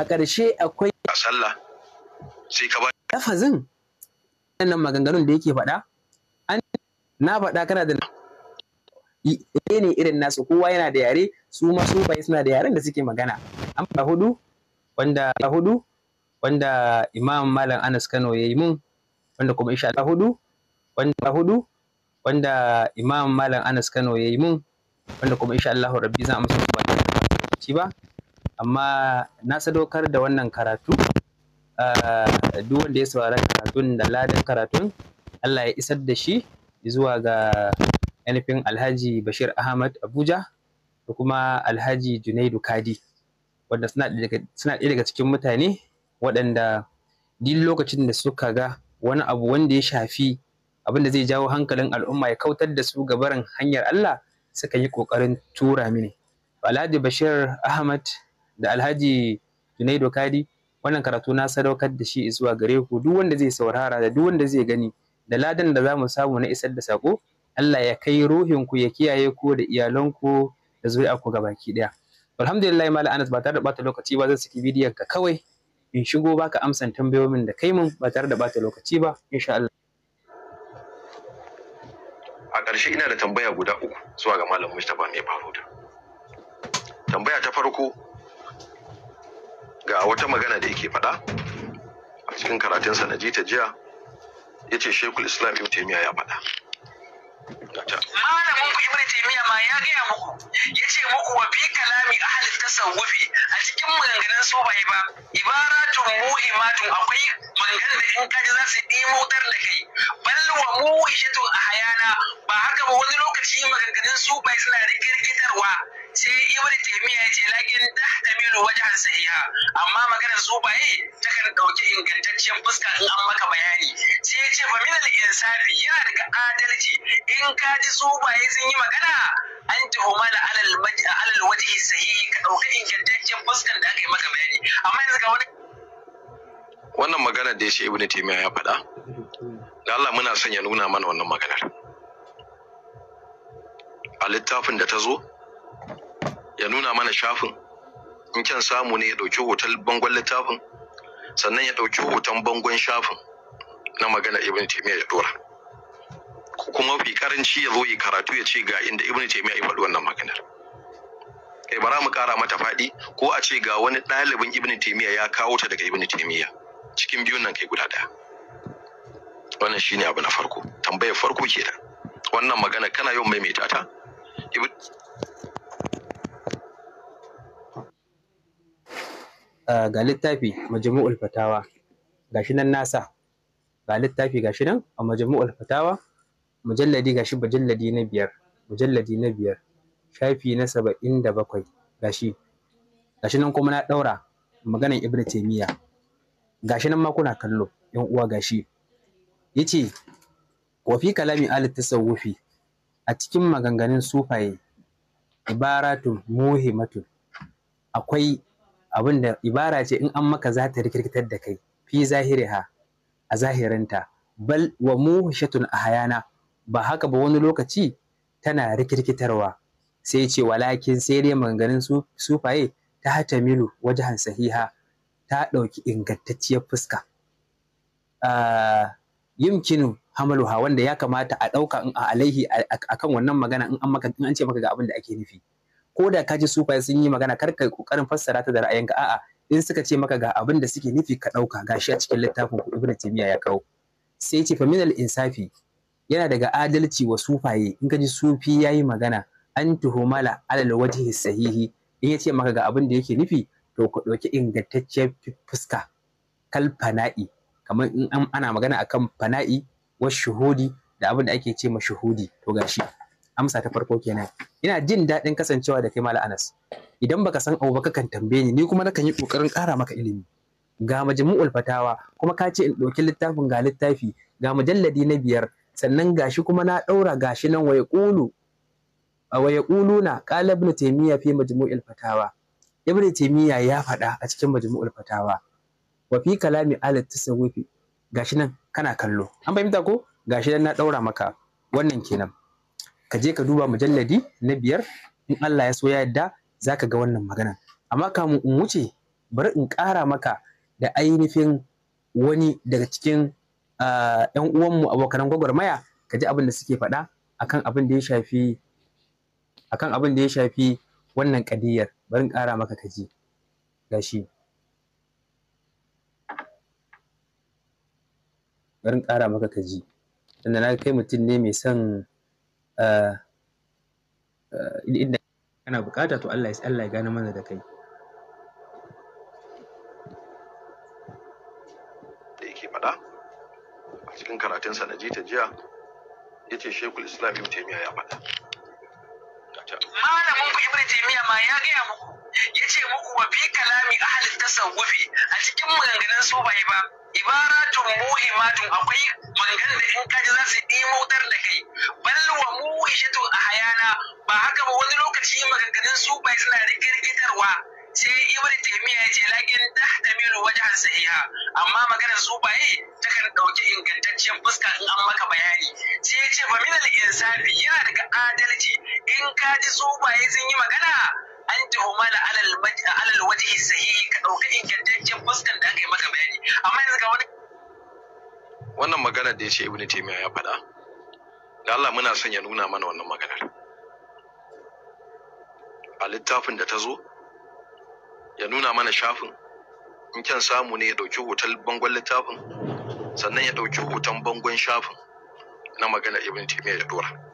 a ƙarshe akwai a sallah sai ka ba lafazin wannan maganganun da yake faɗa an na faɗa kana da ne ne irin nasu kowa yana da yare su ma su bai suna da yaren da suke magana an ba hudu wanda hudu wanda imam malam Anas Kano yayi mun wanda kuma insha Allah hudu wanda hudu wanda imam malam Anas Kano yayi mun wanda kuma insha Allah rabbi zan amsa ba ci ba amma na sadaukar da wannan karatu eh, duk wanda ya saurari karatun da ladan karatun Allah ya isar da shi zuwa ga ainihin Alhaji Bashir Ahmad Abuja da kuma Alhaji Junaidu Kadi wanda suna ɗaya daga cikin mutane waɗanda duk lokacin da suka ga wani abu wanda ya shafi abin da zai jawo hankalin al'umma ya kautar da su gabaran hanyar Allah suka yi ƙoƙarin tura mini. Alhaji Bashir Ahmad da alhaji junaido kadi wannan karatu na sadaukar da shi zuwa gare ku duk wanda zai saurara da duk wanda zai gani da ladan da za mu samu na isar da sako Allah ya kai ruhin ku ya kiyaye ku da iyalanku da zuri'a ku gabaki daya alhamdulillah mal Anas ba tare da bata lokaci ba zan saki bidiyon ka kawai in shigo baka amsan tambayoyin da kai mun ba tare da bata lokaci ba insha Allah a ƙarshe ina da tambaya guda uku zuwa ga malam Mustapha mai faruda tambaya ta farko ga wata magana da yake faɗa a cikin karatunsa na jita jiya ya ce shekul islam ibn taimiya ya faɗa malamin ku ibn taimiya ma ya gaya muku ya ce muku wa fi kalami ahalin tasawufi a cikin maganganun sobaye ba ibaratun muhimmatun akwai maganganun da in kaji za su ɗimotar da kai bal wa muhishatun a hayana ba haka ba wani lokaci maganganun sobaye suna rikirkitarwa sai ibn taymiya ce lakin tahtamilu wajhan sahiha amma maganar ta kan dauki ingantaccen fuska in an maka bayani sai ce fa min al-insafi yana daga adalci in ka ji baye sun yi magana an tuhumala alal alal wajhi sahihi ka dauka ingantaccen fuskan da aka yi maka bayani amma yanzu ga wani wannan magana da ya ce ibn taymiya ya faɗa da Allah muna son ya nuna mana wannan maganar a littafin da ta zo ya nuna mana shafin in kyan samu ne ya ɗauki hoton bangon littafin sannan ya ɗauki hoton bangon shafin na magana ibn taymiya ya dora kuma fi karanci ya zo yi karatu ya ce ga inda ibn taymiya ya faɗi wannan maganar kai eh, bara mu ƙara mata faɗi ko a ce ga wani ɗalibin ibn taymiya ya kawo ta daga ibn taymiya cikin biyun nan kai guda ɗaya wannan shine abu na farko tambayar farko kenan wannan magana kana yau maimaita ta Eh, ga littafi majmu'ul fatawa gashi nan nasa ga littafi gashi nan a majmu'ul fatawa mujalladi gashi bajalladi na biyar mujalladi na biyar shafi na saba'in da bakwai gashi gashi nan kuma na ɗaura maganan ibnu taimiya gashi nan ma kuna kallo yan uwa gashi yace wa fi kalami al tasawufi a cikin maganganun sufaye ibaratun muhimatu akwai abin da ibara ce in an maka za ta rikirkitar da kai fi zahiriha a zahirinta bal wa muhshatun hayana ba haka ba wani lokaci tana rikirkitarwa sai ce walakin sai dai maganganun sufaye ta hata milu wajahan sahiha ta ɗauki ingantacciyar fuska yumkinu hamaluha wanda ya kamata a ɗauka in a alaihi akan wannan magana in an ce maka ga abin da ake nufi ko da ka ji sufaye sun yi magana kar kai kokarin fassara ta da ra'ayinka a'a in suka ce maka ga abin da suke nufi ka ɗauka gashi a cikin littafin ku ibnu taymiya ya kawo sai ce faminal insafi yana daga adalci wa sufaye in ka ji sufi yayi magana an tuhumala alal wajhi sahihi in ya ce maka ga abin da yake nufi to ka ɗauki ingantacciyar fuska kal fana'i kamar in ana magana akan fana'i wa shuhudi da abin da ake ce ma shuhudi to gashi amsa ta farko kenan ina jin daɗin kasancewa da kai mala anas idan baka san abu baka kan tambaye ni ni kuma nakan yi kokarin ƙara maka ilimi ga majmu'ul fatawa kuma ka ce in ɗauki littafin ga littafi ga mujalladi na biyar sannan gashi kuma na ɗaura gashi nan a waya wa na qala ibn taymiya fi majmu'il fatawa ibn taymiya ya faɗa a cikin majmu'ul fatawa wa fi kalami alat tasawufi gashi nan kana kallo an fahimta ko gashi nan na ɗaura maka wannan kenan ka je ka duba mujalladi na biyar in Allah ya so ya yadda za ka ga wannan magana amma kamun in wuce bari in ƙara maka da ainihin wani daga cikin 'yan'uwanmu uwanmu abokanan gwagwarmaya ka ji abin da suke faɗa akan abin ya shafi akan abin da ya shafi wannan kadiyar bari in ƙara maka ka ji gashi bari ƙara maka ka ji sannan na kai mutum ne mai son inda kana bukata to Allah ya Allah ya gane mana da kai da yake faɗa a cikin sa na jita jiya ya ce shekul islam ibn Taymiyyah ya faɗa malamin ku ibn Taymiyyah ma ya gaya muku ya ce muku wa fi kalami ahli tasawufi a cikin maganganun su yi ba ibaratun muhimmatun akwai maganar da in kaji za su ɗimautar da kai balwa wa ishatu a hayana ba haka ba wani lokaci maganganun su bai suna rikirkitarwa sai ibn taymiya ce lakin tahtamilu wajhan sahiha amma maganar su baye takan dauki ingantaccen fuska in an maka bayani sai ya ce fa min al insafi yana daga adalci in kaji su baye sun yi magana an tuhumala alal alal wajhi sahihi ka ɗauka ingantaccen fuskar da aka yi maka bayani amma yanzu ga wani wannan magana da ya ce Ibn taymiya ya faɗa da Allah muna son ya nuna mana wannan maganar a littafin da ta zo ya nuna mana shafin in kyan samu ne ya ɗauki hoton bangon littafin sannan ya ɗauki hoton bangon shafin na magana ibn taymiya ya dora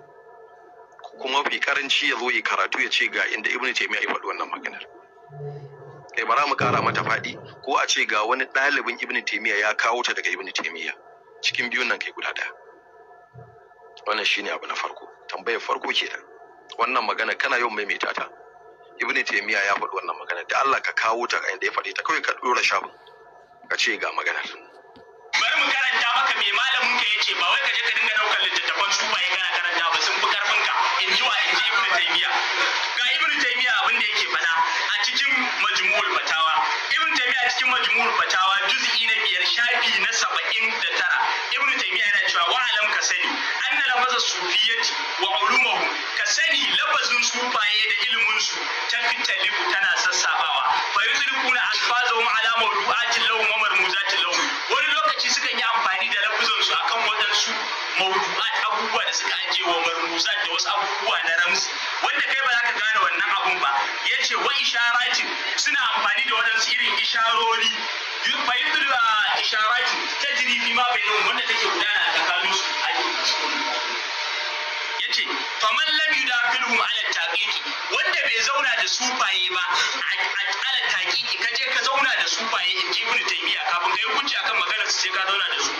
kuma fi karanci ya zo yi karatu ya ce ga inda ibnu taymiya ya faɗi wannan maganar ba eh, bara mu kara mata faɗi ko a ce ga wani ɗalibin ibnu taymiya ya kawo ta daga ibnu taymiya cikin biyun nan kai guda ɗaya wannan shine abu na farko tambayar farko kenan wannan magana kana yau maimaita ta ibnu taymiya ya faɗi wannan magana da Allah ka kawo ta ga inda ya faɗi ta kawai ka dora shafin ka ce ga maganar me malamin ka yace ba wai ka je ka dinga daukar littattafan su ba kana karanta ba sun fi karfin ka in ji wa in ji ibnu taymiya ga ibnu taymiya abin da yake faɗa a cikin majmu'ul fatawa ibnu taymiya a cikin majmu'ul fatawa juz'i na biyar shafi na saba'in da tara ibnu taymiya yana cewa wa alam ka sani anna lafaza sufiyyati wa ulumuhu ka sani lafazin sufaye da ilimin su ta fitalifu tana sassabawa fa yuzrikuna alfazahum ala mawdu'atin lahum wa marmuzatin lahum wani lokaci suka yi amfani da su akan waɗansu mawdu'at abubuwa da suka aje wa marmuzat da wasu abubuwa na ramsi wanda kai ba za ka gane wannan abun ba ya ce wa isharatin suna amfani da waɗansu irin isharori fayyudu a isharatin ta jirifi ma bai wanda take gudana a tsakaninsu a yace faman lam yudafilhum ala taqiqi wanda bai zauna da sufaye ba ala taqiqi kaje ka zauna da sufaye in ji ibnu taymiya kafin kai hujja akan maganar su sai ka zauna da su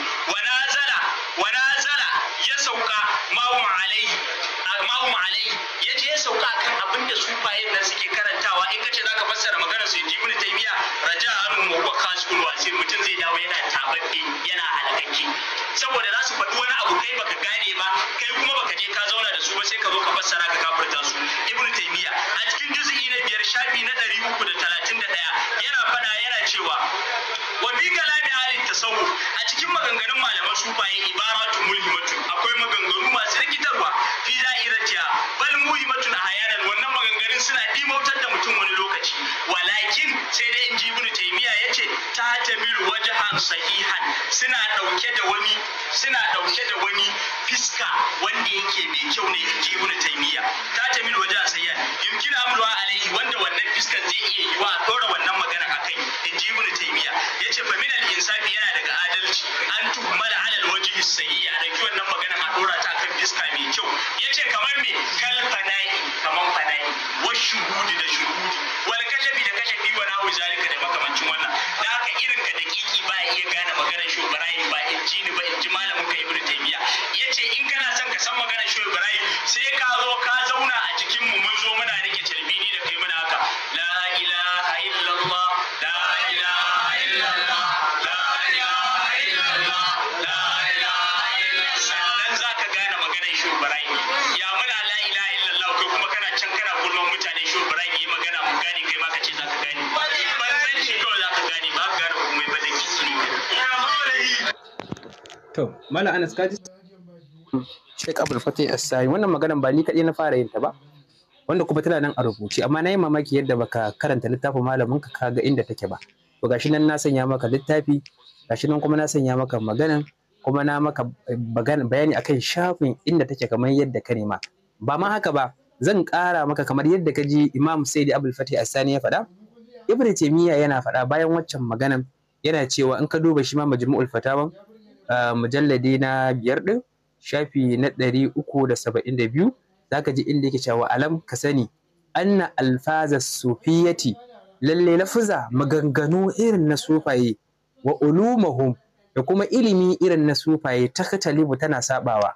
nazala wa nazala ya sauka ma'um alai ma'um alai ya je ya sauka kan abin da sufayen nan suke karantawa in kace zaka fassara maganar su ibnu taymiya raja anu mu wa kasul wasir mutum zai dawo yana tababbe yana halakakke saboda za su faɗi wani abu kai baka gane ba kai kuma baka je ka zauna da su ba sai ka zo ka fassara ka kafirta su ibnu taymiya a cikin juz'i na biyar shafi na ɗaya, yana fada yana cewa wa bi kalami halin tasawuf a cikin maganganun malamai malaman sufaye ibaratu mulhimatun akwai maganganu masu rikitarwa fi da'iratiya bal mulhimatun a hayanan wannan maganganun suna dimautar da mutum wani lokaci walakin sai dai inji ibnu taymiya yace ta tamilu wajhan sahihan suna dauke da wani suna dauke da wani fiska wanda yake mai kyau ne inji ibnu taymiya ta tamilu wajhan sahihan yumkin amruwa alaihi wanda wannan fiskan zai iya yiwa a dora wannan magana akai inji ibnu taymiya yace fa insafi yana daga adalci an kyau ya ce kamar me kal Mala Anas ka ji Sheikh Abdul Fatih Assai wannan maganan ba ni kadai na fara yin ta ba wanda kuma tana nan a rubuce amma na yi mamaki yadda baka karanta littafin malamin ka kaga inda take ba to gashi nan na sanya maka littafi gashi nan kuma na sanya maka maganan kuma na maka bayani akan shafin inda take kamar yadda ka nema ba ma haka ba zan ƙara maka kamar yadda ka ji Imam saidi Abdul Fatih Assani ya faɗa Ibn Taymiyyah yana faɗa bayan waccan maganan yana cewa in ka duba shi ma majmu'ul fatawan mujalladi na biyar ɗin shafi na ɗari uku da saba'in da biyu za ka ji inda yake cewa alam ka sani anna alfaza sufiyati lalle lafuza maganganu irin na sufaye wa ulumahum da kuma ilimi irin na sufaye ta katalibu tana sabawa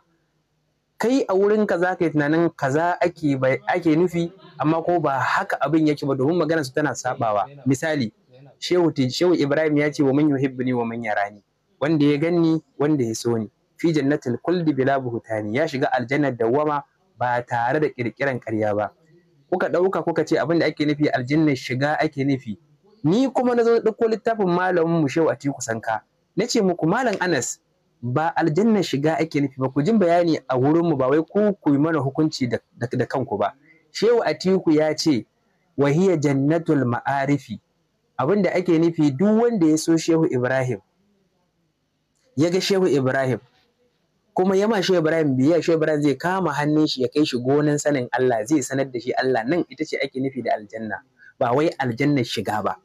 kai a wurin za ka yi tunanin kaza ake ake nufi amma ko ba haka abin yake ba domin maganar su tana sabawa misali shehu shehu ibrahim ya ce wa man yuhibbuni wa man yarani wanda ya ganni wanda ya so ni fi jannatil kuldi bila buhutani ya shiga aljannar dawwama ba tare da kirkiran ƙarya ba kuka ɗauka kuka ce abin da ake nufi aljannar shiga ake nufi ni kuma nazo zo ɗauko littafin malamin mu shehu Atiku Sanka na ce muku malam Anas ba aljannar shiga ake nufi ba ku jin bayani a wurin mu ba wai ku ku yi mana hukunci da kanku ba shehu Atiku ya ce wahiya jannatul ma'arifi Abinda da ake nufi duk wanda ya so shehu Ibrahim ya ga Shehu Ibrahim kuma yama Shehu Ibrahim biya Shehu Ibrahim zai kama hannun shi ya kai shi gonan sanin Allah zai sanar da shi Allah nan ita ce ake nufi da aljanna ba wai aljannar shiga ba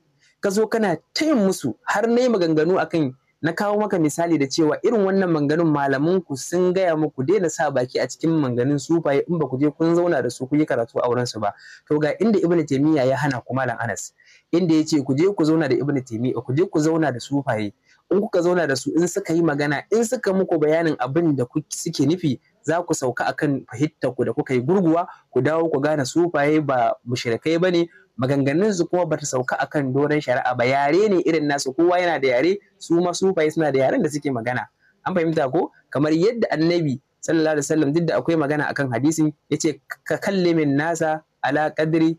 ka zo kana tayin musu har nayi maganganu akan na kawo maka misali da cewa irin wannan manganun malaman ku sun gaya muku daina sa baki a cikin manganun sufaye in ba ku je kun zauna da su kun yi karatu a wurin su ba to ga inda ibnu taymiya ya hana ku malam anas inda yace ku je ku zauna da ibnu taymiya ku je ku zauna da sufaye in kuka zauna da su in suka yi magana in suka muku bayanin abin da suke nufi za ku sauka akan fahimtar ku da kuka yi gurguwa ku dawo ku gane sufaye ba mushrikai bane maganganun su kuma bata sauka akan doron shari'a ba yare ne irin nasu kowa yana da yare su ma sufaye suna da yaren da suke magana an fahimta ko kamar yadda annabi sallallahu alaihi wasallam duk da akwai magana akan ya yace ka min nasa ala qadri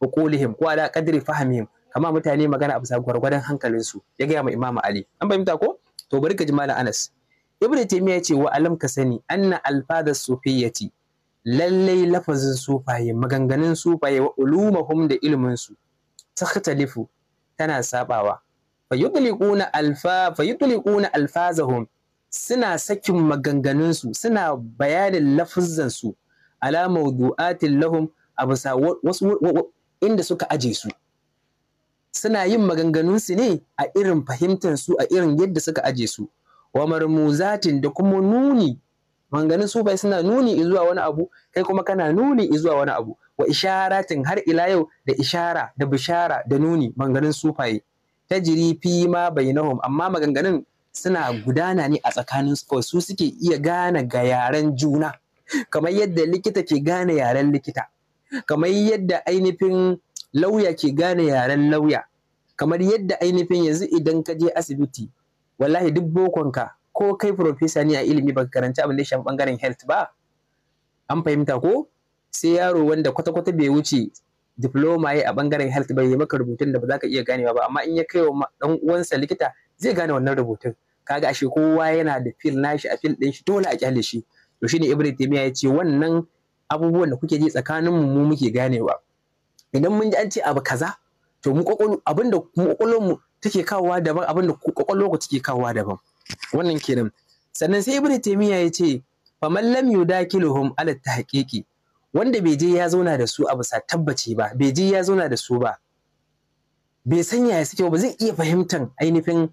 uqulihim ko ala qadri fahmihim kama mutane magana a bisa gwargwadon su ya gaya ma imamu ali an fahimta ko to bari ka ji malam anas ibnu taymiya ce wa alam ka sani anna alfadhas sufiyyati lallai lafazin sufaye maganganun sufaye wa ulumahum da ilminsu, su tana sabawa fa yudliquna alfa fa yudliquna alfazahum suna sakin maganganun su suna bayanin lafazan su ala mawdu'atin lahum abusa wasu inda suka aje su suna yin maganganun su ne a irin fahimtar su a irin yadda suka aje su wa marmuzatin da kuma nuni su sufaye suna nuni zuwa wani abu kai kuma kana nuni zuwa wani abu wa isharatin har ila yau da ishara da bishara da nuni manganin sufaye tajri fi ma bainahum amma maganganun suna gudana ne a tsakanin su su suke iya gane ga yaren juna kamar yadda likita ke gane yaren likita kamar yadda ainihin lauya ke gane yaren lauya kamar yadda ainihin yanzu idan ka je asibiti wallahi duk bokonka ko kai profesa ne a ilimi baka karanci abin da ya shafi bangaren health ba an fahimta ko sai yaro wanda kwata-kwata bai wuce diploma ya a bangaren health bai yi maka rubutun da ba za ka iya ganewa ba amma in ya kai wa dan uwansa likita zai gane wannan rubutun kaga ashe kowa yana da fil nashi a fil din shi dole a kyale shi to shine ibnu taymiya ya ce wannan abubuwan da kuke ji tsakanin mu mu muke ganewa idan mun ji an ce abu kaza to mu abinda mu kwakwalwar mu take kawowa daban abinda kwakwalwar ku take kawowa daban wannan kenan sannan sai ibnu taymiya ya ce man lam yudakiluhum ala tahqiqi wanda bai je ya zauna da su a bisa tabbaci ba bai je ya zauna da su ba bai san yaya suke ba zai iya fahimtan ainihin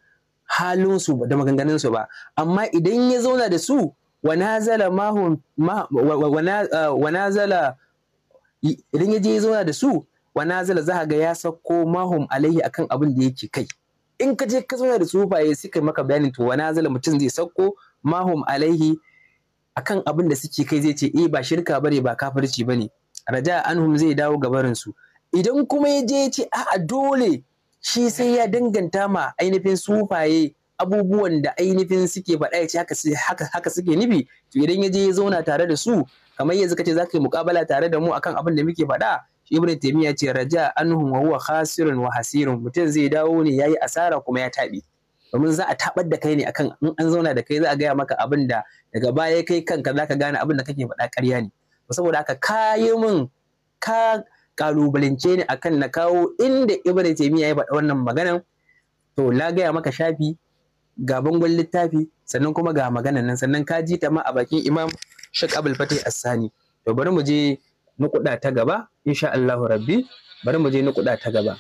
halinsu da maganganunsu ba amma idan ya zauna da su wanazala mahum nazala idan ya je ya zauna da su nazala za ga ya sako mahum alaihi akan abin da yake kai in ka je ka zauna da sufaye suka maka bayanin to wani azala mutum zai sauko mahum alaihi akan abin da suke kai zai ce eh ba shirka bane ba kafirci bane raja anhum zai dawo gabarin su idan kuma ya je ya ce a'a dole shi sai ya danganta ma ainihin sufaye abubuwan da ainihin suke faɗa ya ce haka suke nufi to idan ya je ya zauna tare da su kamar yanzu kace zaka yi mukabala tare da mu akan abin da muke faɗa ibn taymiya ce raja anhu wa huwa khasirun wa hasirun mutum zai dawo ne yayi asara kuma ya tabi domin za a tabar da kai ne akan in an zauna da kai za a gaya maka abin da daga baya kai kanka zaka gane abin da kake faɗa ƙarya ne saboda haka kayi yi min ka kalubalance ni akan na kawo inda ibn taymiya ya faɗa wannan maganan to la gaya maka shafi ga bangon littafi sannan kuma ga maganan nan sannan ka ji ta ma a bakin imam shek abul fatih Sani, to bari mu je nukuda ta gaba insha Allahu rabbi bari mu je ni kuɗa ta gaba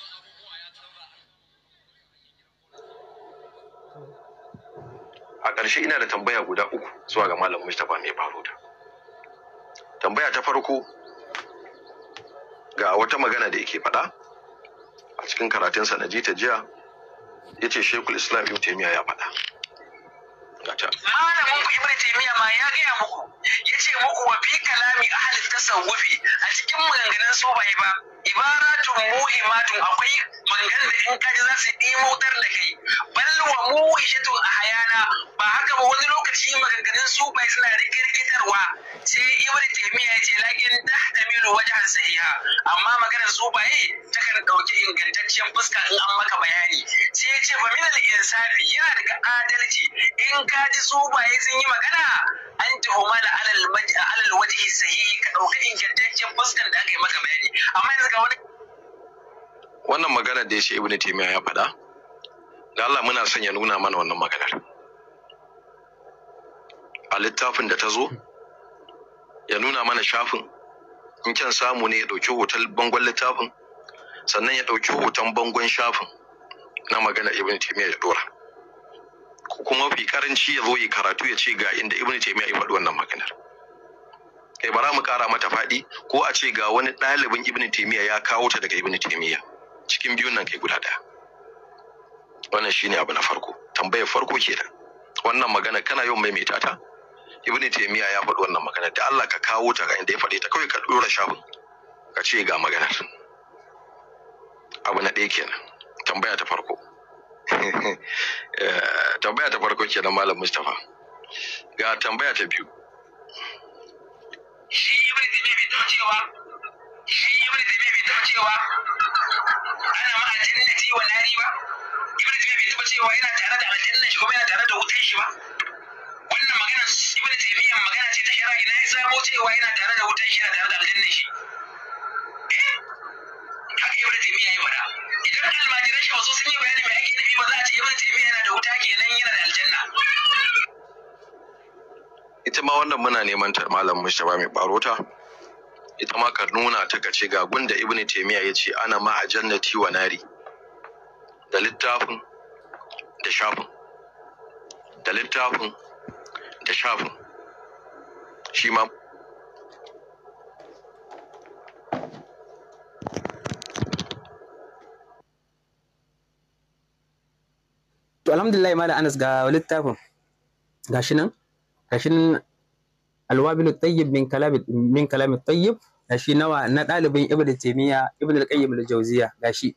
a ƙarshe ina da tambaya guda uku zuwa ga malam mustafa mai da. tambaya ta farko ga wata magana da yake faɗa a cikin karatun sa, na ta jiya yace ce shekul islam ibn ya faɗa malamin ku ibnu taymiya ma ya gaya muku yace muku wa fi kalami ahli tasawufi a cikin maganganun sufaye ba ibaratun muhimmatun akwai mangan da in kaji za su ɗimotar da kai balwa wa a hayana ba haka ba wani lokaci maganganun su bai suna rikirkitarwa sai ibn taymiya ya ce lakin tahtamilu wajhan sahiha amma maganar su ta kan ɗauki ingantaccen fuska in an maka bayani sai ya ce ba min al-insafi yana daga adalci in kaji su bai sun yi magana an tuhuma da alal wajhi sahihi ka ɗauki ingantaccen fuskan da aka yi maka bayani amma yanzu wannan magana da ya ce ibn taymiya ya faɗa da Allah muna son ya nuna mana wannan maganar a littafin da ta zo ya nuna mana shafin in kyan samu ne ya ɗauki hoton bangon littafin sannan ya ɗauki hoton bangon shafin na magana ibn taymiya ya dora kuma fi karanci ya zo yi karatu ya ce ga inda ibn taymiya ya faɗi wannan maganar kai eh, bara mu kara mata faɗi ko a ce ga wani ɗalibin ibn taimiyya ya kawo ta daga ibn taimiyya cikin biyun nan kai guda ɗaya wannan shine abu na farko tambayar farko kenan wannan magana kana yawan maimaita ta ibn taimiyya ya faɗi wannan magana da Allah ka kawo ta ga inda ya faɗi ta kawai ka ɗora shafin ka ce ga maganar abu na ɗaya kenan tambaya ta farko eh, tambaya ta farko kenan malam Mustapha ga tambaya ta biyu shi ibn tabi bai taɓa cewa shi ibn tabi bai taɓa cewa ana ma aljannati wa nari ba ibn tabi bai taɓa cewa yana tare da aljannan shi kuma yana tare da wutan shi ba wannan magana ibn tabiya magana ce ta shari'a ina ya samo cewa yana tare da wutan shi yana tare da aljannan shi eh, haka ibn tabiya ya faɗa idan almajiran shi ba su sun yi bayani mai ake nufi ba za a ce ibn tabiya yana da wuta kenan yana da aljanna ita ma wannan muna neman ta malam Mustapha mai barota ita ma ka nuna ta kace ga gunda Ibn taymiya ya ce ana ma a jannati wa nari da littafin da shafin da littafin da shafin shi ma To alhamdulillah mala Anas ga littafin gashi nan kashin alwabil tayyib min kalam min kalam tayyib gashi nawa na dalibin ibnu taymiya ibnu al-qayyim al-jawziya gashi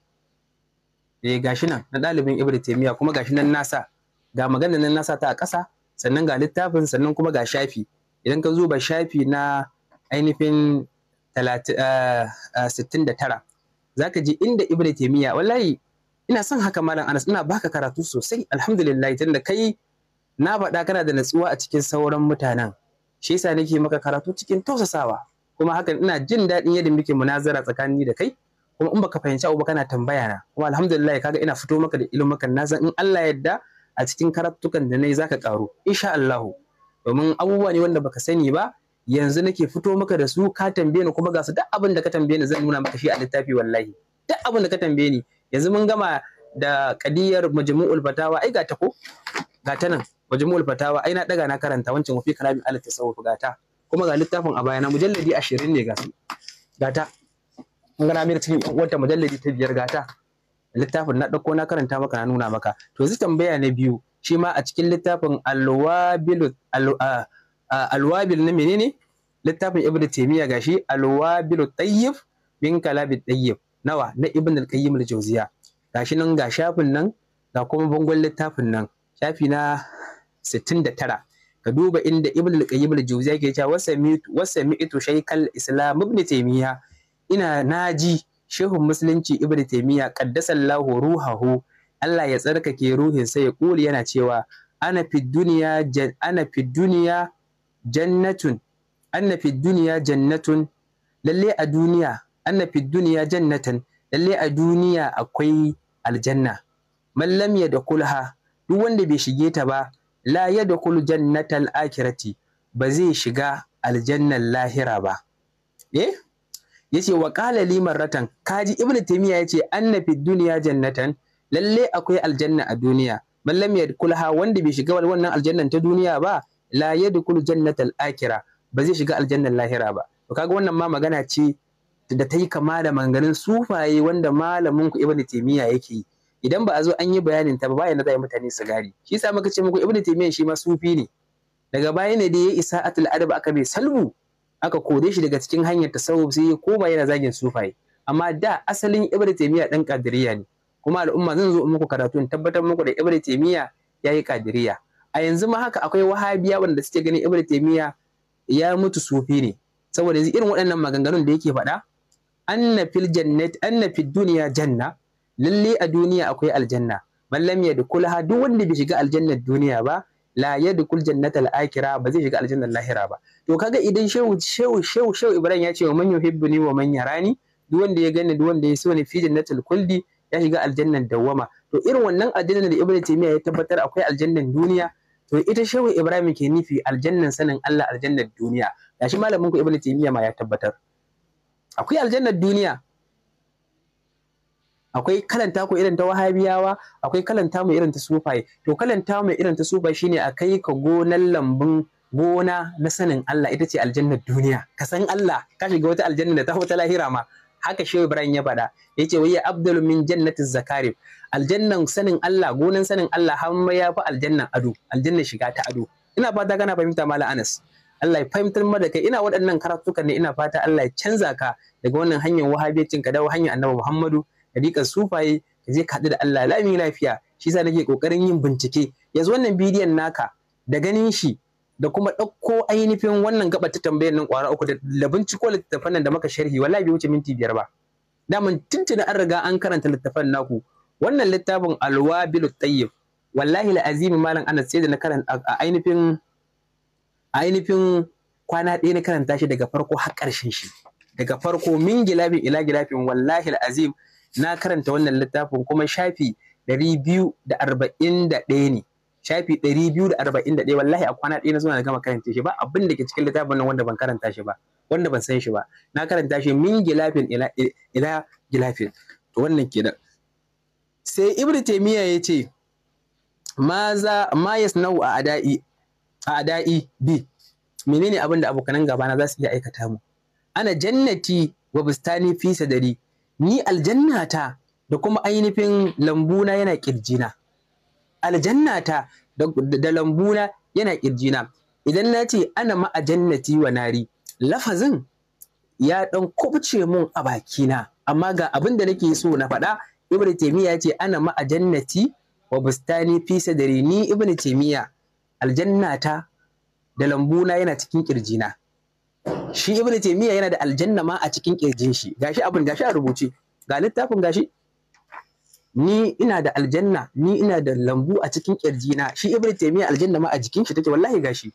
eh gashi nan na dalibin ibnu taymiya kuma gashi nan nasa ga maganar nan nasa ta a ƙasa sannan ga littafin sannan kuma ga shafi idan ka zuba shafi na ainihin 69 eh, eh, zaka ji inda ibnu taymiya wallahi ina son haka malam Anas ina baka karatu sosai alhamdulillah tunda kai na faɗa kana da natsuwa a cikin sauran mutanen shi yasa nake maka karatu cikin tausasawa kuma hakan ina jin daɗin yadda muke munazara tsakanin da kai kuma in baka fahimci abu ba kana tambaya na kuma alhamdulillah kaga ina fito maka da ilimin na san in Allah yadda a cikin karatukan da nayi zaka karu insha Allah domin abubuwa ne wanda baka sani ba yanzu nake fito maka da su ka tambaye ni kuma ga su duk abin da ka tambaye ni zan nuna maka shi a littafi wallahi duk abin da ka tambaye ni yanzu mun gama da kadiyar majmu'ul fatawa ai ga ta ko ga ta nan majmu'ul fatawa ai na daga na karanta wancan wafi kalamin ala tasawuf gata kuma ga littafin a bayana mujalladi 20 ne ga su gata an gana mira cikin wata mujalladi ta biyar gata littafin na dauko na karanta maka na nuna maka to zai tambaya na biyu shi ma a cikin littafin alwabil alwabil na menene littafin ibnu taymiya gashi alwabil tayyib bin kalabit tayyib nawa na ibn al-qayyim al-jawziya gashi nan ga shafin nan ga kuma bangon littafin nan shafi na 69 ka duba inda ibn al-qayyim al-jawziya yake cewa wasami'tu wasami'tu shaykal islam ibn taymiya ina naji shehun musulunci ibn taymiya qaddasallahu ruhahu Allah ya tsarkake ruhin sa ya kuli yana cewa ana fi duniya ana fi duniya jannatun ana fi duniya jannatun lalle a duniya ana fi duniya jannatan lalle a duniya akwai aljanna man da yadkhulha duk wanda bai shige ta ba la yadkhulu jannatal akhirati ba zai shiga aljannar lahira ba eh yace wa qala liman ratan kaji ibnu taymiya yace anna fi dunya jannatan lalle akwai aljanna a duniya man lam yadkhulha wanda bai shiga wannan aljannan ta duniya ba la yadkhul jannatal akhira ba zai shiga aljannan lahira ba to kaga wannan ma magana ce da ta yi kama da manganin sufaye wanda malamin ku ibnu taymiya yake yi idan ba a zo an yi bayanin ta ba ba yana zai mutane su gari shi yasa muka ce muku ibnu taymiyyah shi ma sufi ne daga baya ne da ya isa atul adab aka bai salbu aka kore shi daga cikin hanyar tasawuf sai ya koma yana zagin sufaye amma da asalin ibnu taymiyyah dan qadiriyya ne kuma al'umma zan zo muku karatu in tabbatar muku da ibnu taymiyyah yayi qadiriyya a yanzu ma haka akwai wahabiya wanda suke ganin ibnu taymiyyah ya mutu sufi ne saboda yanzu irin waɗannan maganganun da yake faɗa anna fil jannat anna fid dunya janna lalle a duniya akwai aljanna Mallam ya dukul ha duk wanda bai shiga aljannar duniya ba la ya dukul jannatal akhirah ba zai shiga aljannar lahira ba to kaga idan shehu shehu shehu shehu ibrahim ya ce wa man yuhibbuni wa man yarani duk wanda ya gani duk wanda ya so ni fi jannatul kuldi ya shiga aljannar dawwama to irin wannan aljannar da ibnu miya ya tabbatar akwai aljannar duniya to ita shehu ibrahim ke nufi aljannar sanin Allah aljannar duniya gashi malamin ku ibnu miya ma ya tabbatar akwai aljannar duniya akwai kalanta ku irin ta wahabiyawa akwai kalanta mu irin ta sufaye to kalanta mu irin ta sufaye shine a kai ka gonan lambun gona na sanin Allah ita ce aljannar duniya ka san Allah ka shiga wata aljanna da ta wata lahira ma haka shehu Ibrahim ya faɗa yace wai abdul min jannati zakarib aljannan sanin Allah gonan sanin Allah har ma ya fi aljannan ado aljannar shiga ta ado ina fata kana fahimta mala Anas Allah ya fahimtar mu da kai ina waɗannan karatukan ne ina fata Allah ya canza ka daga wannan hanyar wahabiyacin ka dawo hanyar Annabi Muhammadu ɗariƙar sufaye ka je kaɗu da Allah lami lafiya shi sa nake ƙoƙarin yin bincike yanzu wannan bidiyon naka da ganin shi da kuma ɗauko ainihin wannan gaba ta tambayar nan ƙwara uku da binciko littattafan nan da maka sharhi wallahi bai wuce minti biyar ba daman tuntuni an riga an karanta littattafan naku wannan littafin alwabilu tayyib wallahi la'azimi malam anas sai da na karanta a ainihin ainihin kwana ɗaya na karanta shi daga farko har ƙarshen shi daga farko min gilabin ila gilabin wallahi azim na karanta wannan littafin kuma shafi 241 ne shafi 241 wallahi a kwana ɗaya na zuwa na gama karanta shi ba abin da ke cikin littafin nan wanda ban karanta shi ba wanda ban san shi ba na karanta shi min gilafin ila ila gilafin to wannan kenan sai ibnu taymiya yace ma za ma yasnau a adai a adai bi menene abin da abokanan gaba na za su iya aikata mu ana jannati wa bustani fi sadari ni aljannata da kuma ainihin lambuna yana ƙirjina aljannata da lambuna yana ƙirjina idan na ce ana ma'a jannati wa nari lafazin ya ɗan kubce mun a bakina amma ga abin da nake so na faɗa ibnu Taimiyya ce ana ma'a jannati wa bustani fi sadari ni Ibn Taimiyya, aljannata da lambuna yana cikin ƙirjina shi ibn taymiya yana da aljanna ma a cikin kirjin shi gashi abin gashi a rubuce ga littafin gashi ni ina da aljanna ni ina da lambu a cikin kirjina shi ibn taymiya aljanna ma a jikin shi take wallahi gashi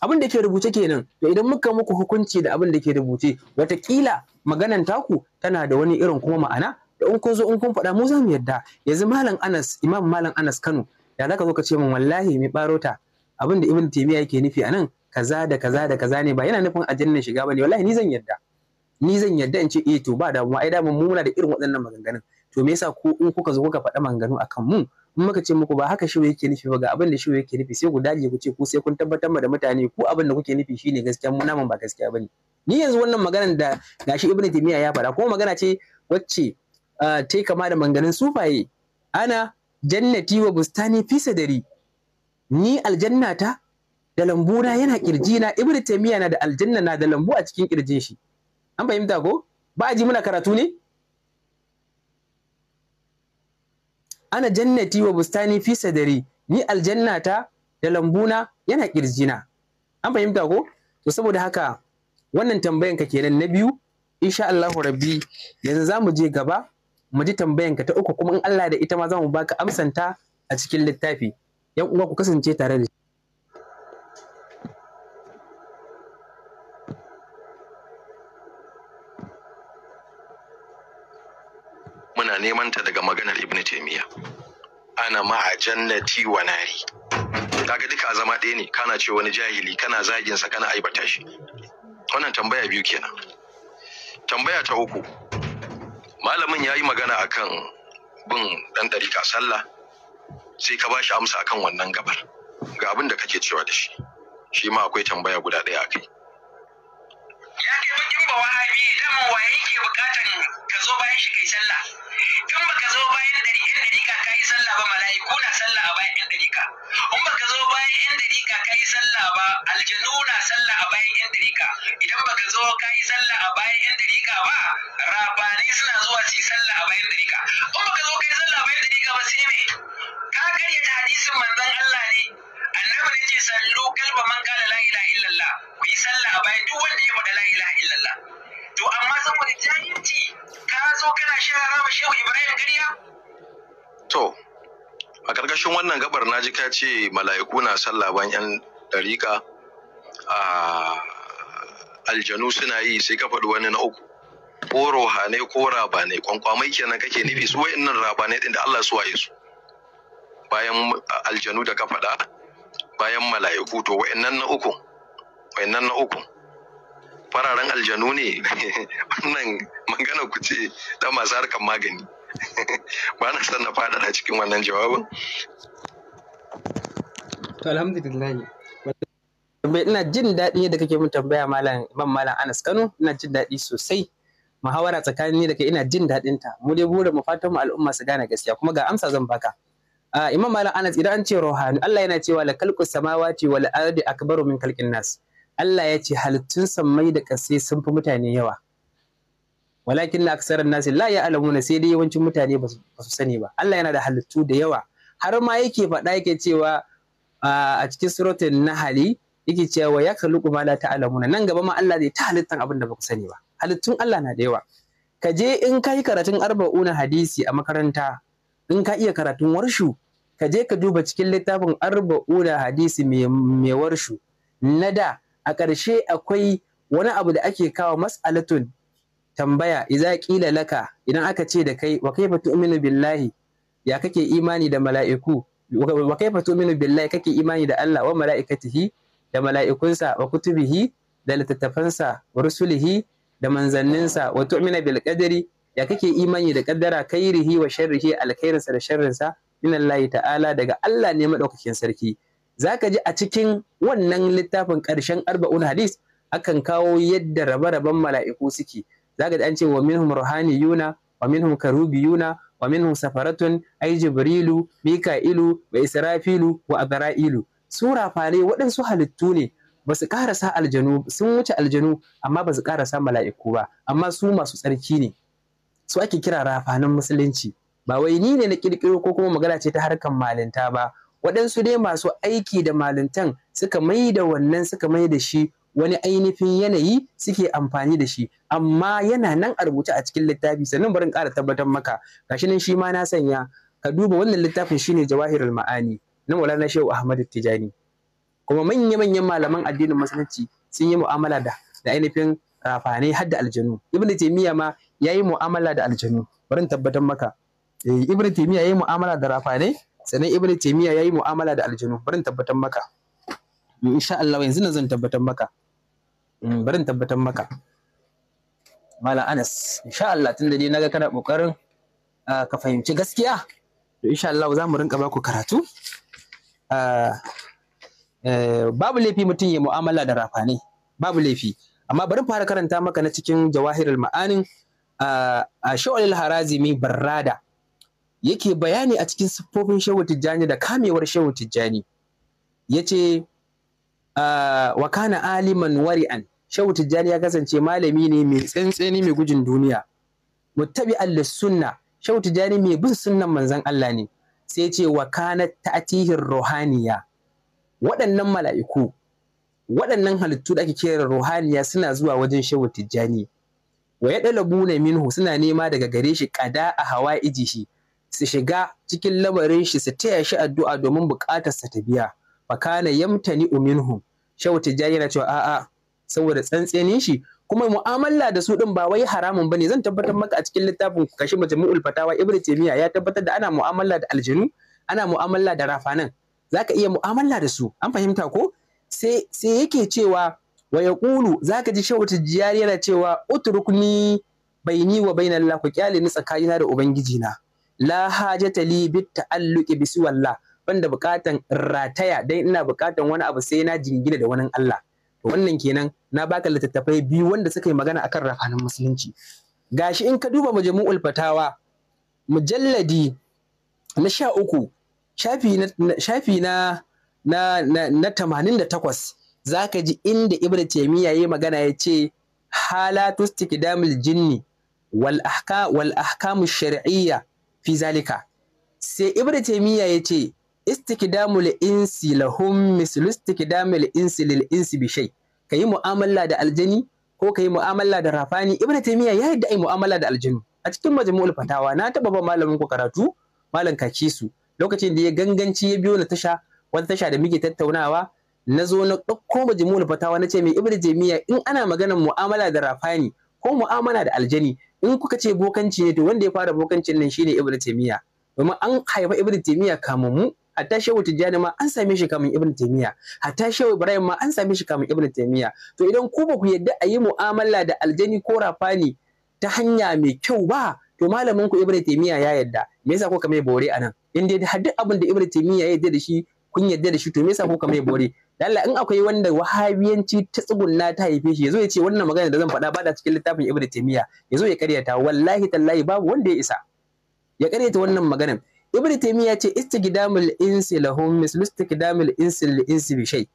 abin da ke rubuce kenan to idan muka muku hukunci da abin da ke rubuce watakila maganan taku tana da wani irin kuma ma'ana da in kun zo in kun faɗa mu za mu yarda yanzu malam Anas imam malam Anas Kano da zaka zo ka ce min wallahi mai barota abin da ibn taymiya yake nufi anan kaza da kaza da kaza ne ba yana nufin aljanna shiga bane wallahi ni zan yadda ni zan yarda in ce eh to ba damuwa ai damun mu muna da irin waɗannan maganganun to me yasa ko in kuka zo kuka faɗa maganganu akan mu in muka ce muku ba haka shi yake nufi ba ga abin da shi yake nufi sai ku dage ku ce ku sai kun tabbatar da mutane ku abin da kuke nufi shine gaskiya mu naman ba gaskiya bane ni yanzu wannan maganar da gashi ibnu timiya ya faɗa kuma magana ce wacce ah, ta yi kama da maganganun sufaye ana jannati wa bustani fi sadari ni aljannata da lambu na yana kirji na ibn taymiya na da aljanna na da lambu a cikin kirjin shi an fahimta ko ba a ji muna karatu ne ana jannati wa bustani fi sadari ni aljanna ta da lambuna yana na. an fahimta ko to saboda haka wannan tambayan ka kenan na biyu insha Allah rabbi yanzu za mu je gaba mu ji tambayan ka ta uku kuma in Allah da ita ma za mu baka amsanta a cikin littafi yan uwa ku kasance tare da ana neman ta daga maganar ibn taymiya ana a jannati wa nari kaga duka a zama ɗaya ne kana ce wani jahili kana zagin sa kana aibata shi wannan tambaya biyu kenan tambaya ta uku malamin yayi magana akan bin dan dariƙa sallah sai ka bashi amsa akan wannan gabar ga abin da kake cewa da shi shi ma akwai tambaya guda ɗaya akai kai. ba wahabi ne daman wa yake bukatan ka zo bayan shi kai sallah in baka zo bayan dari yan dariƙa ka yi sallah ba mala'iku na sallah a bayan yan dariƙa in baka zo bayan yan dariƙa ka yi sallah ba aljanu na sallah a bayan yan dariƙa idan baka zo ka yi sallah a bayan yan dariƙa ba rabanai suna zuwa su yi sallah a bayan dariƙa in baka zo ka yi sallah a bayan dariƙa ba sai me ka karyata hadisin manzon Allah ne ibn yace sallu kalba man qala la ilaha illallah ku yi sallah bayan duk wanda ya faɗa la ilaha illallah to amma saboda jahilci ka zo kana shehu ibrahim to a ƙarƙashin wannan gabar na ji ka ce mala'iku na sallah ban yan dariƙa a aljanu suna yi sai ka faɗi wani na uku ko rohanai ko rabanai kwankwamai kenan kake nufi su wa'annan rabanai din da Allah su waye su bayan aljanu da ka faɗa bayan mala'iku to wa'annan na uku wa'annan na uku fararen aljanu ne wannan magana ku ce da masu harkar magani ba na san na a cikin wannan jawabin to alhamdulillah ina jin daɗi yadda kake mun tambaya malam ban malam Anas Kano ina jin daɗi sosai muhawara tsakanin ni da kai ina jin daɗin ta mu dai burin mu fatan mu al'umma su gane gaskiya kuma ga amsa zan baka Ah, Imam Malam Anas idan an ce ruhani Allah yana cewa la kalqu samawati wal ardi akbaru min kalqin nas Allah ya ce halittun sammai da ƙasai sun fi mutane yawa walakin na aksarar nas la ya alamuna sai dai yawancin mutane ba su sani ba Allah yana da halittu da yawa har ma yake faɗa yake cewa ah, a cikin suratul nahali yake cewa ya khalqu ma la ta'lamuna nan gaba ma Allah zai ta halittan abin da ba ku sani ba halittun Allah na da yawa ka je in kai karatun arba'una hadisi a makaranta in ka iya karatun warshu ka je ka duba cikin littafin da hadisi mai warshu na da a ƙarshe akwai wani abu da ake kawo mas'alatun tambaya Iza qila laka idan aka ce da kai wa kaifa tu'minu billahi ya kake imani da mala'iku wa kaifa tu'minu billahi kake imani da Allah wa mala'ikatihi da mala'ikunsa wa kutubihi da littattafansa wa rusulihi da manzanninsa wa tu'mina bil qadari ya kake imani da kaddara kairihi wa sharrihi alkhairinsa da sharrinsa min Allah ta'ala daga Allah ne madaukakin sarki zaka ji a cikin wannan littafin karshen arba'un hadis akan kawo yadda rabe-raben mala'iku suke zaka ji an ce wa minhum ruhaniyuna wa minhum karubiyuna wa minhum safaratun ai jibrilu mika'ilu wa israfilu wa abra'ilu sura fare waɗansu halittu ne ba su ƙarasa aljanu sun wuce aljanu amma ba su ƙarasa mala'iku ba amma su masu tsarki ne su ake kira rafanin musulunci ba wai ni ne na kirkiro ko kuma magana ce ta harkar malinta ba waɗansu dai masu aiki da malintan suka mai da wannan suka mai da shi wani ainihin yanayi suke amfani da shi amma yana nan a rubuce a cikin littafi sannan barin in ƙara tabbatar maka gashi nan shi ma na sanya ka duba wannan littafin shine jawahirul ma'ani na Maulana Shehu Ahmadu Tijani kuma manya-manyan malaman addinin musulunci sun yi mu'amala da da ainihin rafane har da aljanu ibnu taymiya ma yayi mu'amala da aljanu bari tabbatar maka eh, ibnu taymiya yayi mu'amala da rafanai sannan ibnu taymiya yayi mu'amala da aljanu bari tabbatar maka insha Allah yanzu nan zan tabbatar maka mm, bari tabbatar maka mala Anas insha Allah tunda ni naga kana kokarin ka fahimci gaskiya to insha Allah za mu rinka baku karatu e, babu laifi mutum ya mu'amala da rafane. babu laifi amma bari fara karanta maka na cikin jawahirul ma'anin a sha'ulil harazimi barrada yake bayani a cikin siffofin shehu tijjani da kamewar shehu tijjani ya ce wa kana aliman wari'an shehu tijjani ya kasance malami ne mai tsantseni mai gujin duniya muttabi allah sunna shehu tijjani mai bin sunnan manzon allah ne sai ce wa kana ta'tihin ruhaniya waɗannan mala'iku waɗannan halittu da ake kera ruhaniya suna zuwa wajen shehu tijjani wa na minhu suna nema daga gare shi kada a hawa iji shi su shiga cikin lamarin shi su taya shi addu'a domin buƙatar sa ta biya fa kana yamtani minhum shawu tijari na cewa a'a saboda tsantsenin shi kuma mu'amala da su din ba wai haramun bane zan tabbatar maka a cikin littafin kashi majmu'ul fatawa ibnu taymiya ya tabbatar da ana mu'amala da aljinu ana mu'amala da rafanan zaka iya mu'amala da su an fahimta ko sai sai yake cewa wa yaqulu zaka ji shehu jiyar yana cewa utrukni ni wa bainal la ku kyale ni tsakanina da ubangiji na la hajata li bit ta'alluqi bi suwalla banda bukatan rataya dan ina bukatan wani abu sai na jingina da wani Allah to wannan kenan na baka littattafai biyu wanda suka yi magana akan rafanin musulunci gashi in ka duba majmu'ul fatawa mujalladi na sha uku shafi na shafi na na na zaka ji inda ibnu taymiya magana ya ce halatu istikdamil jinni wal ahka wal ahkamu shar'iyya fi zalika sai ibnu taymiya ya ce istikdamul insi lahum mislu istikdamul insi lil insi bi shay kayi mu'amala da aljani ko kayi mu'amala da rafani ibnu taymiya ya yadda ai mu'amala da aljani a cikin majmu'ul fatawa na taba ba malamin ku karatu malam kakisu lokacin da ya ganganci ya biyo na tasha wata tasha da muke tattaunawa na zo na ɗauko majmu'ul fatawa na ce mai ibnu jamiya in ana maganar mu'amala da rafani ko mu'amala da aljani in kuka ce bokanci ne to wanda ya fara bokancin nan shine ibnu jamiya domin an haifa ibnu jamiya kamun mu hatta shehu tijjani ma an same shi kamun ibnu A hatta shehu ibrahim ma an same shi kamun ibnu taymiya to idan ku ba ku yadda a yi mu'amala da aljani ko rafani ta hanya mai kyau ba to malamin ku ibnu taymiya ya yadda me yasa kuka mai bore anan in dai har duk abin da ibnu taymiya ya yadda da shi kun yadda da shi to me yasa kuka mai bore Allah in akwai wanda wahabiyanci ta tsugunna ta haife shi yazo ya ce wannan magana da zan faɗa ba da cikin littafin Ibn Taymiyyah yazo ya karyata wallahi tallahi babu wanda ya isa ya karyata wannan maganar Ibn Taymiyyah ce istigdamul insi lahum mislu istigdamul insi lil insi bi shay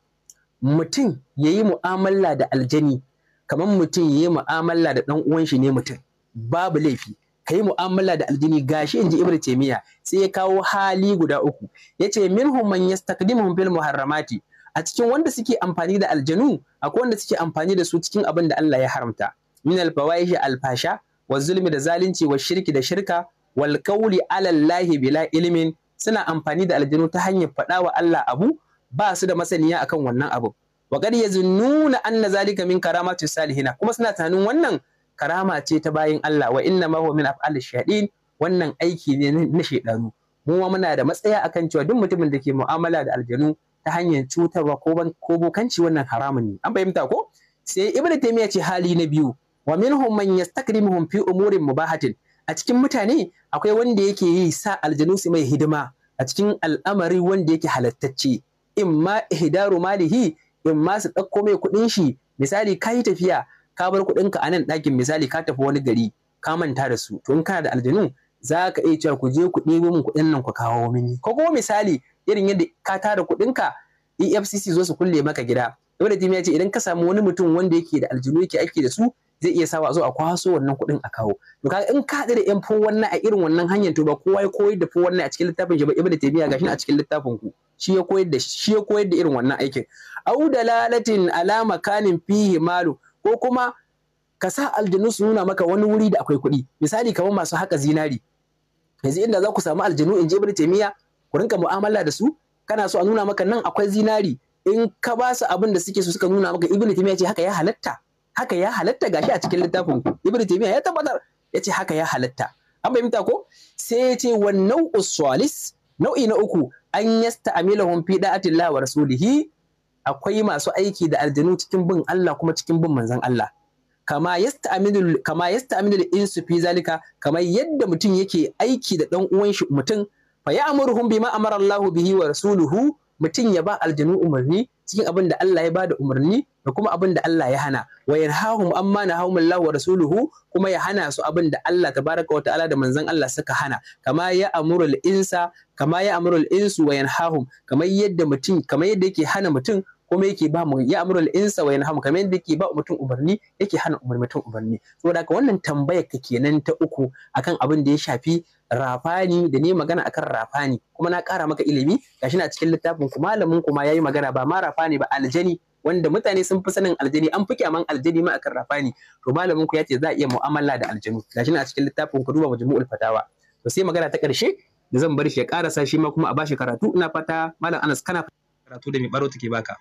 mutum yayi mu'amala da aljani kamar mutum yayi mu'amala da dan uwan shi ne mutum babu laifi kai mu'amala da aljini gashi inji Ibn Taymiyyah sai ya kawo hali guda uku yace minhum man yastaqdimuhum bil muharramati a cikin wanda suke amfani da aljanu akwai wanda suke amfani da su cikin abin da Allah ya haramta min Al-Fasha wa zulmi da zalunci wa shirki da shirka wal qawli ala allahi bila ilmin suna amfani da aljanu ta hanyar faɗa wa Allah abu ba su da masaniya akan wannan abu wa qad yazunnuna anna zalika min karamati salihina kuma suna tunanin wannan karama ce ta bayin Allah wa inna ma huwa min af'al shayatin wannan aiki ne na shedanu mu ma muna da matsaya akan cewa duk mutumin da ke mu'amala da aljanu ta hanyar cutarwa ko bokanci wannan haramun ne an fahimta ko sai ibn taymiya ce hali na biyu wa minhum man yastakrimuhum fi umurin mubahatin a cikin mutane akwai wanda yake yi sa aljanu mai hidima a cikin al'amari wanda yake halattacce in ma ihdaru malihi in ma su dauko mai kuɗin shi misali ka yi tafiya ka bar kuɗinka a nan ɗakin misali ka tafi wani gari ka manta da su to in kana da aljanu za ka iya cewa ku je ku ɗebo min kuɗin nan ku kawo mini ko kuma misali irin yadda ka tara kuɗinka EFCC zo su kulle maka gida Dole Jimi ya ce idan ka samu wani mutum wanda yake da aljinu yake aiki da su zai iya sawa zo a kwaso wannan kuɗin a kawo to kaga in ka da yan fo wannan a irin wannan hanyar to ba kowa ya koyar da fo wannan a cikin littafin shi ba ibnu taymiya gashin a cikin littafin ku shi ya koyar da shi ya koyar da irin wannan aikin au dalalatin ala makanin fihi malu ko kuma ka sa aljinu su nuna maka wani wuri da akwai kuɗi misali kamar masu haka zinari yanzu inda za ku samu aljinu in je ibnu taymiya ku rinka mu'amala da su kana so a nuna maka nan akwai zinari in ka ba su abin da suke so suka nuna maka ibnu taymiya ce haka ya halatta haka ya halatta gashi a cikin littafin ibnu taymiya ya tabbatar ya ce haka ya halatta an fahimta ko sai ya ce wa nau'u salis nau'i na uku an yasta amilahum fi da'atillah wa rasulihi akwai masu aiki da aljanu cikin bin Allah kuma cikin bin manzon Allah kama yasta kama yasta'milu insu fi zalika kamar yadda mutum yake aiki da dan uwan shi mutum fa ya'muruhum bima amara Allahu bihi wa rasuluhu mutum ya ba aljanu umarni cikin abin da Allah ya ba da umarni da kuma abin da Allah ya hana wa yanhahum amma nahahum Allah wa rasuluhu kuma ya hana su abin da Allah tabaraka wa ta'ala da manzon Allah suka hana kama ya amurul insa kama ya insu wa yanhahum kamar yadda kamar yadda yake hana mutum kuma yake ba mu ya amrul insa wa yanhamu kamar yadda yake ba mutum umarni yake hana mutum umarni saboda haka wannan tambayar ka kenan ta uku akan abin da ya shafi rafani da ne magana akan rafani kuma na kara maka ilimi gashi na cikin littafin ku malamin ku ma yayi magana ba ma rafani ba aljani wanda mutane sun fi sanin aljani an fi kyaman aljani ma akan rafani to malamin ku ya ce za a iya mu'amala da aljanu gashi na cikin littafin ku duba majmu'ul fatawa to sai magana ta karshe da zan bar shi ya ƙarasa shi ma kuma a bashi karatu ina fata malam Anas kana karatu da mai baro take baka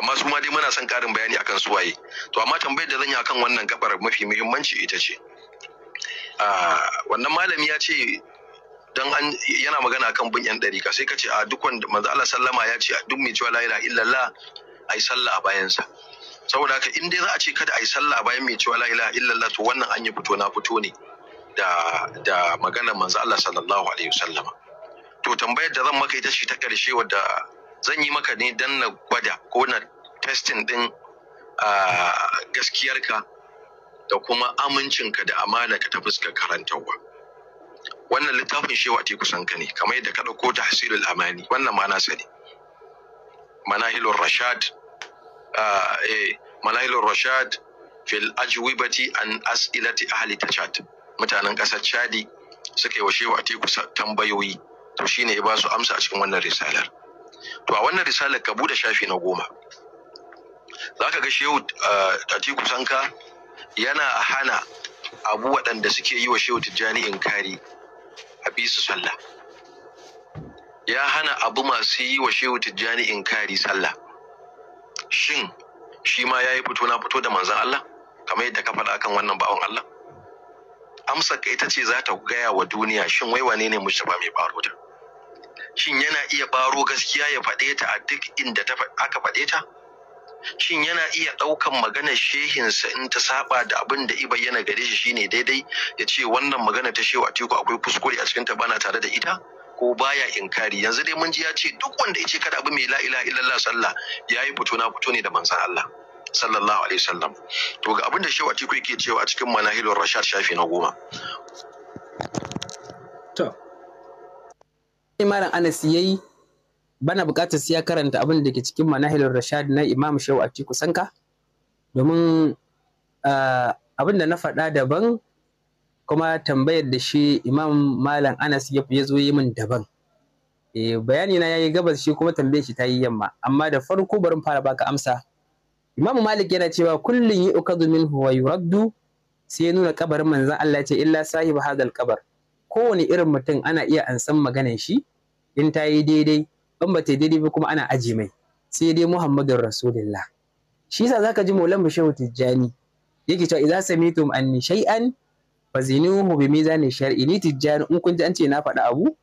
amma su ma dai muna son karin bayani akan su waye to amma tambayar da zan yi akan wannan gabar mafi muhimmanci ita ce wannan malami ya ce dan an yana magana akan bin yan ka, sai ka ce a duk wanda manzo Allah sallama ya ce a duk mai cewa la ilaha illallah ai sallah a bayansa saboda haka in dai za a ce kada ai sallah a bayan mai cewa la ilaha illallah to wannan an yi fito na fito ne da da maganar manzo Allah sallallahu alaihi wasallama to tambayar da zan maka ita ce ta karshe wadda zan yi maka ne don na gwada ko na testin din gaskiyarka da kuma amincinka da amana ka ta fuskar karantarwa wannan littafin shewa te kusan ka ne kamar yadda ka ɗauko ta hasilul amani wannan ma nasa ne manahilur rashad eh, manahilur rashad fil ajwibati an as'ilati ahli tashad mutanen ƙasar chadi suka yi wa shewa te kusa tambayoyi to shine ya ba su amsa a cikin wannan risalar to a wannan risalar ka bude shafi na goma za ka ga shehu tatiku sanka yana hana abu waɗanda suke yi wa shehu tijjani inkari a bisu sallah ya hana abu masu yi wa shehu tijjani inkari sallah shin shi ma ya yi fito na fito da manzan Allah kamar yadda ka faɗa kan wannan bawan Allah amsa ita ce za ta gaya wa duniya shin wai wane ne Mustapha mai barota shin yana iya baro gaskiya ya faɗe ta a duk inda aka faɗe ta shin yana iya ɗaukan maganar shehinsa in ta saba da abin da i bayyana gare shi shine daidai ya ce wannan magana ta shehu atiku akwai kuskure a cikin ta bana tare da ita ko baya inkari yanzu dai mun ji ya ce duk wanda ya ce kada abu mai la ilaha illallah sallah yayi fito na fito ne da manzon Allah sallallahu alaihi wasallam to ga abin da shehu atiku yake cewa a cikin manahilur rashad shafi na goma malam anas yayi bana bukatar sai ya karanta abin da ke cikin manahilur rashad na imam shehu atiku sanka domin ah, abin da na faɗa daban kuma tambayar da shi imam malam anas ya zo yi min daban e, eh, bayani na yayi gabas shi kuma tambayar shi ta yi yamma amma da farko barin fara baka amsa imam malik yana cewa kullun yu'khadhu minhu wa yuraddu sai ya nuna kabarin manzan Allah ce illa sahib hadal kabar kowane irin mutum ana iya ansan maganan shi in ta yi daidai in ba ta daidai ba kuma ana aji mai sai dai muhammadun rasulullah shi yasa zaka ji maulan shehu tijjani yake cewa idza samitum anni shay'an fazinuhu bi mizani shar'i ni tijjani in kun ji an ce na faɗi abu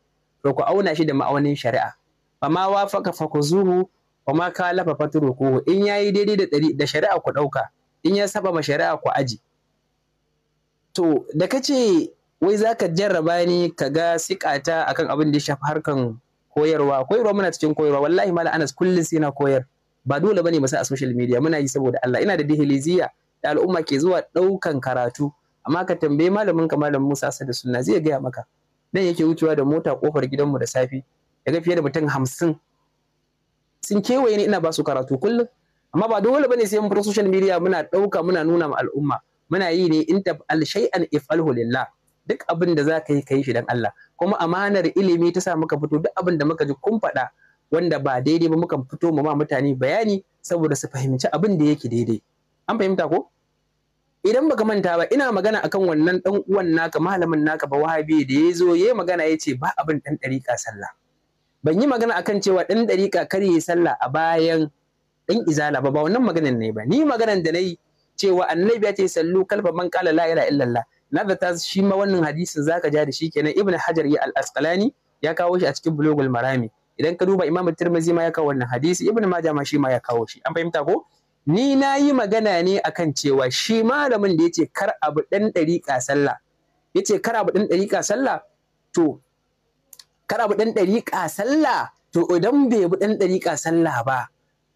to ku auna shi da ma'aunin shari'a fama wafaka fakuzuhu fama kalafa fatrukuhu in yayi daidai da da shari'a ku ɗauka in ya saba ma shari'a ku aji to da kace wai za ka jarraba ni ka ga sikata akan abin da ya shafi harkan koyarwa koyarwa muna cikin koyarwa wallahi mala anas kullum sai na koyar ba dole bane mu sa a social media muna yi saboda Allah ina da dihiliziya da al'umma ke zuwa ɗaukan karatu amma ka tambayi malamin ka malam Musa sada Sunna zai gaya maka Nan yake wucewa da mota kofar gidanmu da safe daga fiye da mutum hamsin sun kewaye ni ina ba su karatu kullum amma ba dole bane sai mun fara social media muna ɗauka muna nuna ma al'umma muna yi ne in tab al shay'an if'alhu lillah duk abin da za ka yi ka yi shi dan Allah kuma amanar ilimi ta sa muka fito duk abin da muka ji kun faɗa wanda ba daidai ba muka fito mu ma mutane bayani saboda su fahimci abin da yake daidai an fahimta ko idan baka manta ba ina magana akan wannan dan uwan naka malamin naka ba wahabi da ya zo yayi magana ya ce ba abin dan dariƙa sallah ban yi magana akan cewa dan dariƙa kar yi sallah a bayan dan izala ba ba wannan maganar ne ba ni maganar da nayi cewa annabi ya ce sallu kalfa man qala la ilaha illallah na ta shi ma wannan hadisin zaka ja da shi kenan ibn hajar ya al-asqalani ya kawo shi a cikin bulugul marami idan ka duba imam tirmizi ma ya kawo wannan hadisi ibn majah ma shi ma ya kawo shi an fahimta ko ni na yi magana ne akan cewa shi malamin da yace kar abu dan dariƙa sallah yace kar abu dan dariƙa sallah to kar abu dan dariƙa sallah to idan bai bi dan dariƙa sallah ba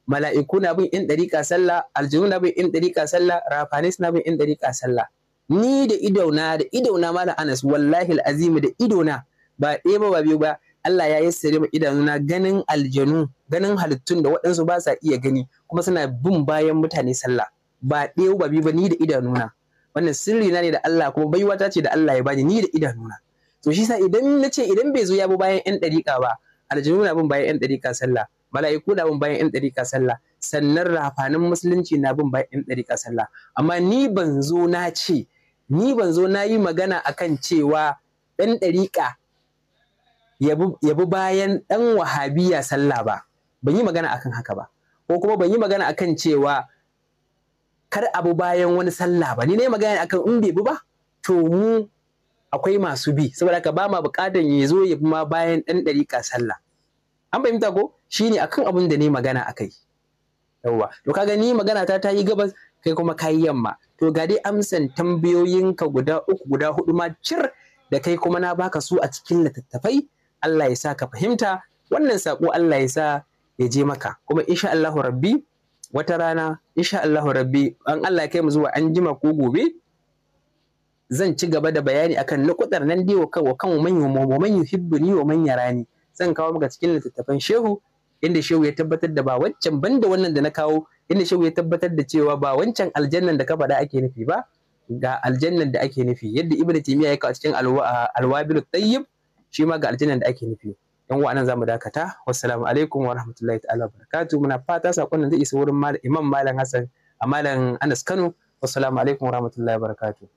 mala'iku na bin in dariƙa sallah aljinu na bin in dariƙa sallah rafanis na bin in dariƙa sallah ni da idona da idona mala Anas wallahi azimi da idona ba ɗaya ba ba biyu ba Allah ya yassare ma na ganin aljanu ganin halittun da waɗansu ba sa iya gani kuma suna bin bayan mutane sallah ba ɗaya ba biyu ba ni da idanuna wannan sirri na ne da Allah kuma baiwa ta ce da Allah ya bani ni da idanuna to shi sa idan na ce idan bai zo ya bi bayan yan ɗariƙa ba aljanu na bin bayan yan ɗariƙa sallah mala'iku na bin bayan yan ɗariƙa sallah sannan rafanin musulunci na bin bayan yan ɗariƙa sallah amma ni ban zo na ce ni ban zo na yi magana akan cewa ɗan ɗariƙa ya bi bayan ɗan wahabiya sallah ba ban yi magana akan haka ba ko kuma ban yi magana akan cewa kar abu bayan wani sallah ba ni ne magana akan in bai bi ba to mu akwai masu bi saboda haka ba ma buƙatar ya zo ya bi ma bayan ɗan ɗariƙa sallah an fahimta ko shine akan abin da ne magana akai yawwa to kaga ni magana ta ta yi gabas kai kuma kayi yamma to ga dai amsan tambayoyinka guda uku guda hudu ma cir da kai kuma na baka su a cikin littattafai Allah ya sa ka fahimta wannan sako Allah ya sa ya je maka kuma insha Allahu rabbi wata rana insha Allahu rabbi an Allah ya kai mu zuwa an jima ko gobe zan ci gaba da bayani akan nukudar nan dai wa kan wa kan man wa man yuhibbuni wa man yarani zan kawo maka cikin littattafan shehu inda shehu ya tabbatar da ba waccan banda wannan da na kawo inda shehu ya tabbatar da cewa ba wancan aljannan da ka faɗa ake nufi ba ga aljannan da ake nufi yadda ibnu taymiya ya kawo cikin alwabil tayyib shi ma ga aljannan da ake nufi yan wa nan zamu dakata wassalamu alaikum wa rahmatullahi ta'ala barakatuh muna fata sakon nan zai isa wurin imam malam hasan a malam anas kano wassalamu alaikum wa rahmatullahi barakatuh